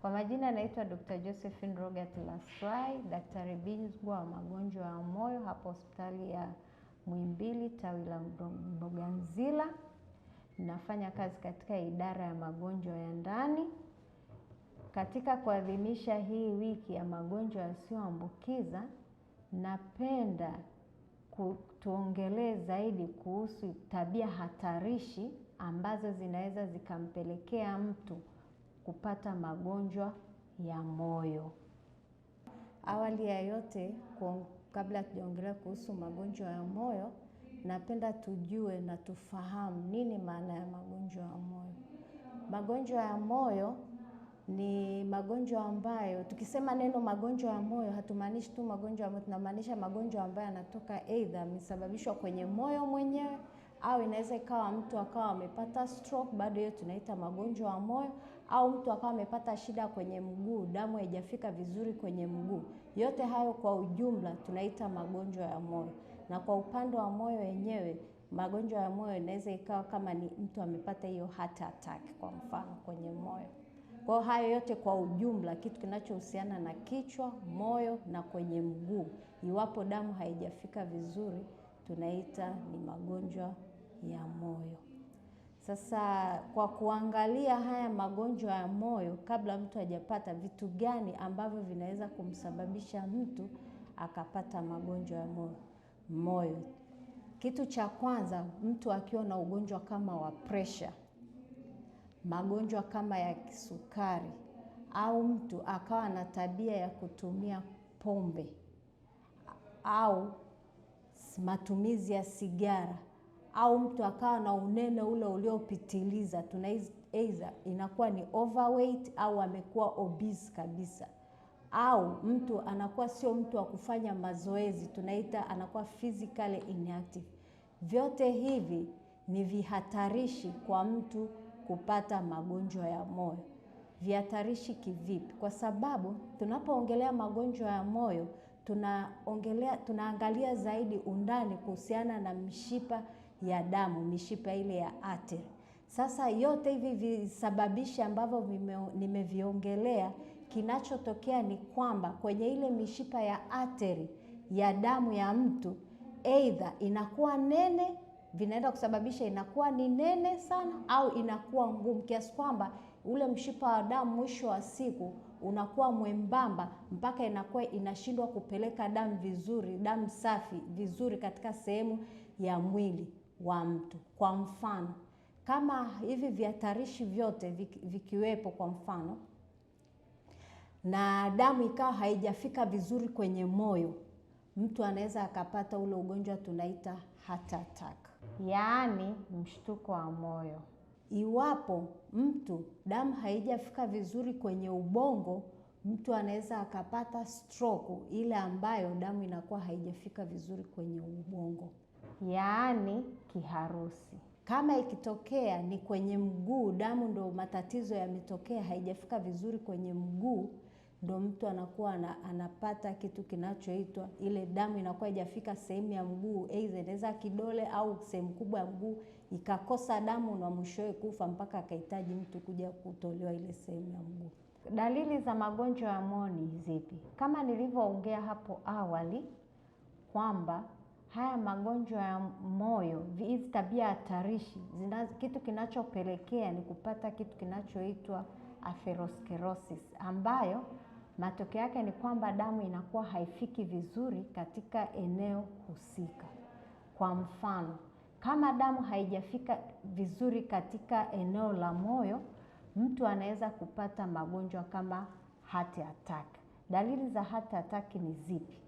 Kwa majina anaitwa Dr. Josephine Rogat Laswai, daktari bingwa wa magonjwa ya moyo hapa hospitali ya Muhimbili tawi la mboganzila Nafanya kazi katika idara ya magonjwa ya ndani. Katika kuadhimisha hii wiki ya magonjwa yasiyoambukiza, napenda tuongelee zaidi kuhusu tabia hatarishi ambazo zinaweza zikampelekea mtu kupata magonjwa ya moyo. Awali ya yote, kabla tujaongelea kuhusu magonjwa ya moyo, napenda tujue na tufahamu nini maana ya magonjwa ya moyo. Magonjwa ya moyo ni magonjwa ambayo, tukisema neno magonjwa ya moyo, hatumaanishi tu magonjwa ambayo, tunamaanisha magonjwa ambayo yanatoka aidha amesababishwa kwenye moyo mwenyewe au inaweza ikawa mtu akawa amepata stroke, bado hiyo tunaita magonjwa ya moyo, au mtu akawa amepata shida kwenye mguu, damu haijafika vizuri kwenye mguu. Yote hayo kwa ujumla tunaita magonjwa ya moyo. Na kwa upande wa moyo wenyewe, magonjwa ya moyo inaweza ikawa kama ni mtu amepata hiyo heart attack kwa mfano kwenye moyo. Kwa hayo yote kwa ujumla, kitu kinachohusiana na kichwa, moyo na kwenye mguu, iwapo damu haijafika vizuri, tunaita ni magonjwa ya moyo. Sasa kwa kuangalia haya magonjwa ya moyo kabla mtu hajapata, vitu gani ambavyo vinaweza kumsababisha mtu akapata magonjwa ya moyo moyo, kitu cha kwanza, mtu akiwa na ugonjwa kama wa presha, magonjwa kama ya kisukari, au mtu akawa na tabia ya kutumia pombe au matumizi ya sigara au mtu akawa na unene ule uliopitiliza, tunaiza inakuwa ni overweight au amekuwa obese kabisa, au mtu anakuwa sio mtu wa kufanya mazoezi, tunaita anakuwa physically inactive. Vyote hivi ni vihatarishi kwa mtu kupata magonjwa ya moyo. Vihatarishi kivipi? Kwa sababu tunapoongelea magonjwa ya moyo tunaongelea, tunaangalia zaidi undani kuhusiana na mishipa ya damu, mishipa ile ya ateri. Sasa yote hivi visababishi ambavyo nimeviongelea, kinachotokea ni kwamba kwenye ile mishipa ya ateri ya damu ya mtu aidha inakuwa nene, vinaenda kusababisha inakuwa ni nene sana, au inakuwa ngumu kiasi kwamba ule mshipa wa damu mwisho wa siku unakuwa mwembamba mpaka inakuwa inashindwa kupeleka damu vizuri, damu safi vizuri katika sehemu ya mwili wa mtu. Kwa mfano, kama hivi vihatarishi vyote vikiwepo, kwa mfano, na damu ikawa haijafika vizuri kwenye moyo, mtu anaweza akapata ule ugonjwa tunaita heart attack, yaani mshtuko wa moyo. Iwapo mtu damu haijafika vizuri kwenye ubongo, mtu anaweza akapata stroke ile ambayo damu inakuwa haijafika vizuri kwenye ubongo yaani kiharusi. Kama ikitokea ni kwenye mguu, damu ndo matatizo yametokea, haijafika vizuri kwenye mguu, ndo mtu anakuwa ana, anapata kitu kinachoitwa ile damu inakuwa haijafika sehemu ya mguu, aidha inaweza kidole au sehemu kubwa ya mguu ikakosa damu na mwishowe kufa, mpaka akahitaji mtu kuja kutolewa ile sehemu ya mguu. Dalili za magonjwa ya moni zipi? Kama nilivyoongea hapo awali kwamba haya magonjwa ya moyo, hizi tabia hatarishi, kitu kinachopelekea ni kupata kitu kinachoitwa atherosclerosis ambayo matokeo yake ni kwamba damu inakuwa haifiki vizuri katika eneo husika. Kwa mfano, kama damu haijafika vizuri katika eneo la moyo, mtu anaweza kupata magonjwa kama heart attack. Dalili za heart attack ni zipi?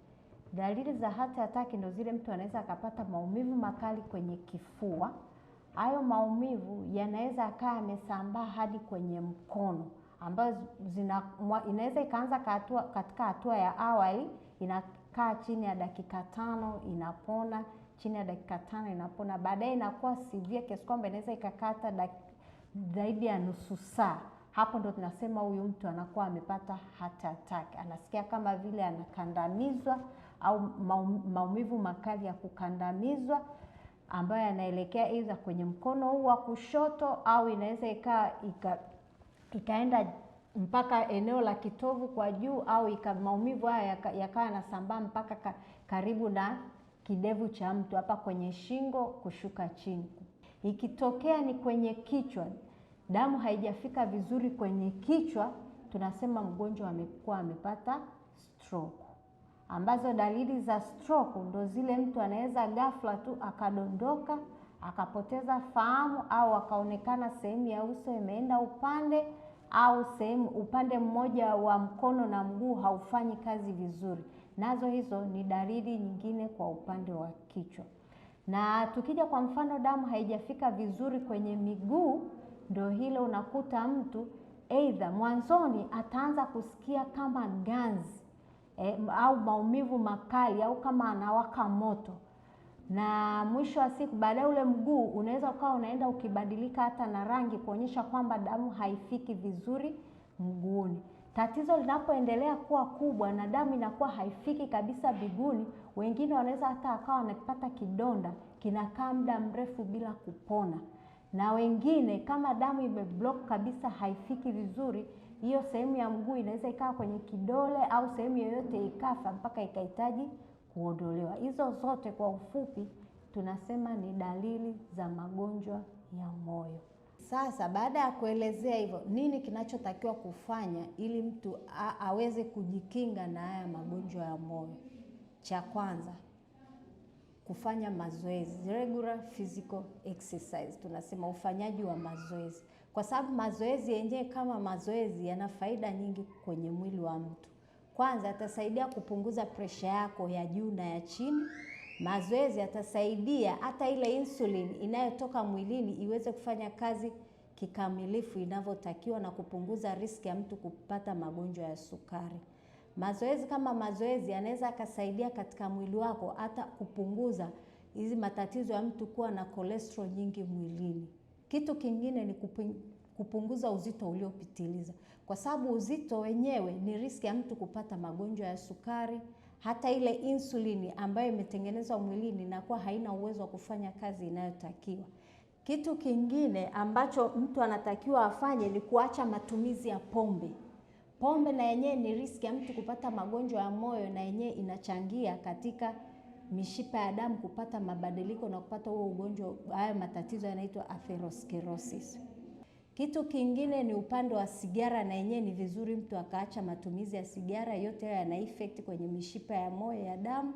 Dalili za hati hataki ndio zile mtu anaweza akapata maumivu makali kwenye kifua. Hayo maumivu yanaweza akaa yamesambaa hadi kwenye mkono ambayo inaweza ikaanza katika hatua ya awali, inakaa chini ya dakika tano inapona, chini ya dakika tano inapona, baadaye inakuwa severe kiasi kwamba inaweza ikakata zaidi ya nusu saa. Hapo ndo tunasema huyu mtu anakuwa amepata heart attack, anasikia kama vile anakandamizwa au maumivu makali ya kukandamizwa ambayo yanaelekea iza kwenye mkono huu wa kushoto au inaweza ikaa ika, ikaenda mpaka eneo la kitovu kwa juu au ika, maumivu haya yakawa yanasambaa mpaka ka, karibu na kidevu cha mtu hapa kwenye shingo kushuka chini. Ikitokea ni kwenye kichwa, damu haijafika vizuri kwenye kichwa, tunasema mgonjwa amekuwa amepata stroke ambazo dalili za stroke ndo zile mtu anaweza ghafla tu akadondoka akapoteza fahamu au akaonekana sehemu ya uso imeenda upande au sehemu upande mmoja wa mkono na mguu haufanyi kazi vizuri. Nazo hizo ni dalili nyingine kwa upande wa kichwa. Na tukija kwa mfano, damu haijafika vizuri kwenye miguu, ndio hilo unakuta mtu aidha mwanzoni ataanza kusikia kama ganzi eh, au maumivu makali au kama anawaka moto na mwisho wa siku baadaye ule mguu unaweza ukawa unaenda ukibadilika hata na rangi kuonyesha kwamba damu haifiki vizuri mguuni. Tatizo linapoendelea kuwa kubwa na damu inakuwa haifiki kabisa biguni wengine wanaweza hata akawa wanapata kidonda kinakaa muda mrefu bila kupona, na wengine kama damu imeblock kabisa haifiki vizuri hiyo sehemu ya mguu inaweza ikawa kwenye kidole au sehemu yoyote ikafa mpaka ikahitaji kuondolewa. Hizo zote kwa ufupi tunasema ni dalili za magonjwa ya moyo. Sasa baada ya kuelezea hivyo, nini kinachotakiwa kufanya ili mtu aweze kujikinga na haya magonjwa ya moyo? Cha kwanza kufanya mazoezi, regular physical exercise, tunasema ufanyaji wa mazoezi kwa sababu mazoezi yenyewe kama mazoezi yana faida nyingi kwenye mwili wa mtu. Kwanza atasaidia kupunguza presha yako ya juu na ya chini. Mazoezi atasaidia hata ile insulin inayotoka mwilini iweze kufanya kazi kikamilifu inavyotakiwa na kupunguza riski ya mtu kupata magonjwa ya sukari. Mazoezi kama mazoezi yanaweza akasaidia katika mwili wako hata kupunguza hizi matatizo ya mtu kuwa na kolestro nyingi mwilini. Kitu kingine ni kupunguza uzito uliopitiliza, kwa sababu uzito wenyewe ni riski ya mtu kupata magonjwa ya sukari. Hata ile insulini ambayo imetengenezwa mwilini inakuwa haina uwezo wa kufanya kazi inayotakiwa. Kitu kingine ambacho mtu anatakiwa afanye ni kuacha matumizi ya pombe. Pombe na yenyewe ni riski ya mtu kupata magonjwa ya moyo, na yenyewe inachangia katika mishipa ya damu kupata mabadiliko na kupata huo ugonjwa, haya matatizo yanaitwa atherosclerosis. Kitu kingine ni upande wa sigara, na yenyewe ni vizuri mtu akaacha matumizi ya sigara. Yote hayo yana effect kwenye mishipa ya moyo ya damu,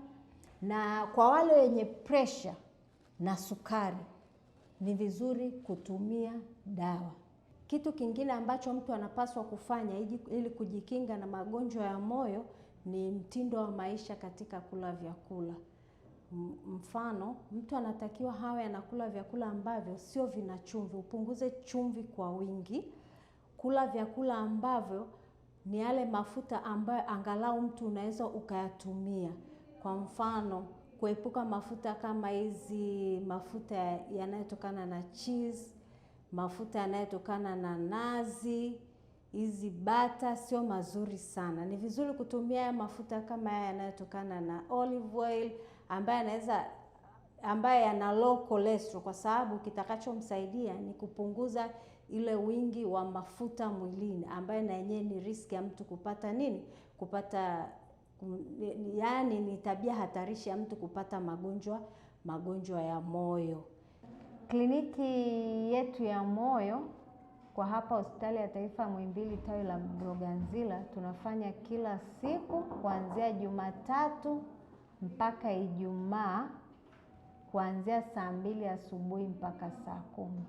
na kwa wale wenye pressure na sukari ni vizuri kutumia dawa. Kitu kingine ambacho mtu anapaswa kufanya ili kujikinga na magonjwa ya moyo ni mtindo wa maisha katika kula vyakula. Mfano, mtu anatakiwa hawe anakula vyakula ambavyo sio vina chumvi, upunguze chumvi kwa wingi. Kula vyakula ambavyo ni yale mafuta ambayo angalau mtu unaweza ukayatumia. Kwa mfano, kuepuka mafuta kama hizi mafuta yanayotokana na cheese, mafuta yanayotokana na nazi, hizi bata sio mazuri sana. Ni vizuri kutumia mafuta kama haya yanayotokana na olive oil ambaye anaweza ambaye ana low cholesterol, kwa sababu kitakachomsaidia ni kupunguza ile wingi wa mafuta mwilini, ambaye na yenyewe ni riski ya mtu kupata nini, kupata yaani ni tabia hatarishi ya mtu kupata magonjwa magonjwa ya moyo. Kliniki yetu ya moyo kwa hapa hospitali ya taifa ya Muhimbili tawi la Mloganzila tunafanya kila siku kuanzia Jumatatu mpaka Ijumaa kuanzia saa mbili asubuhi mpaka saa kumi.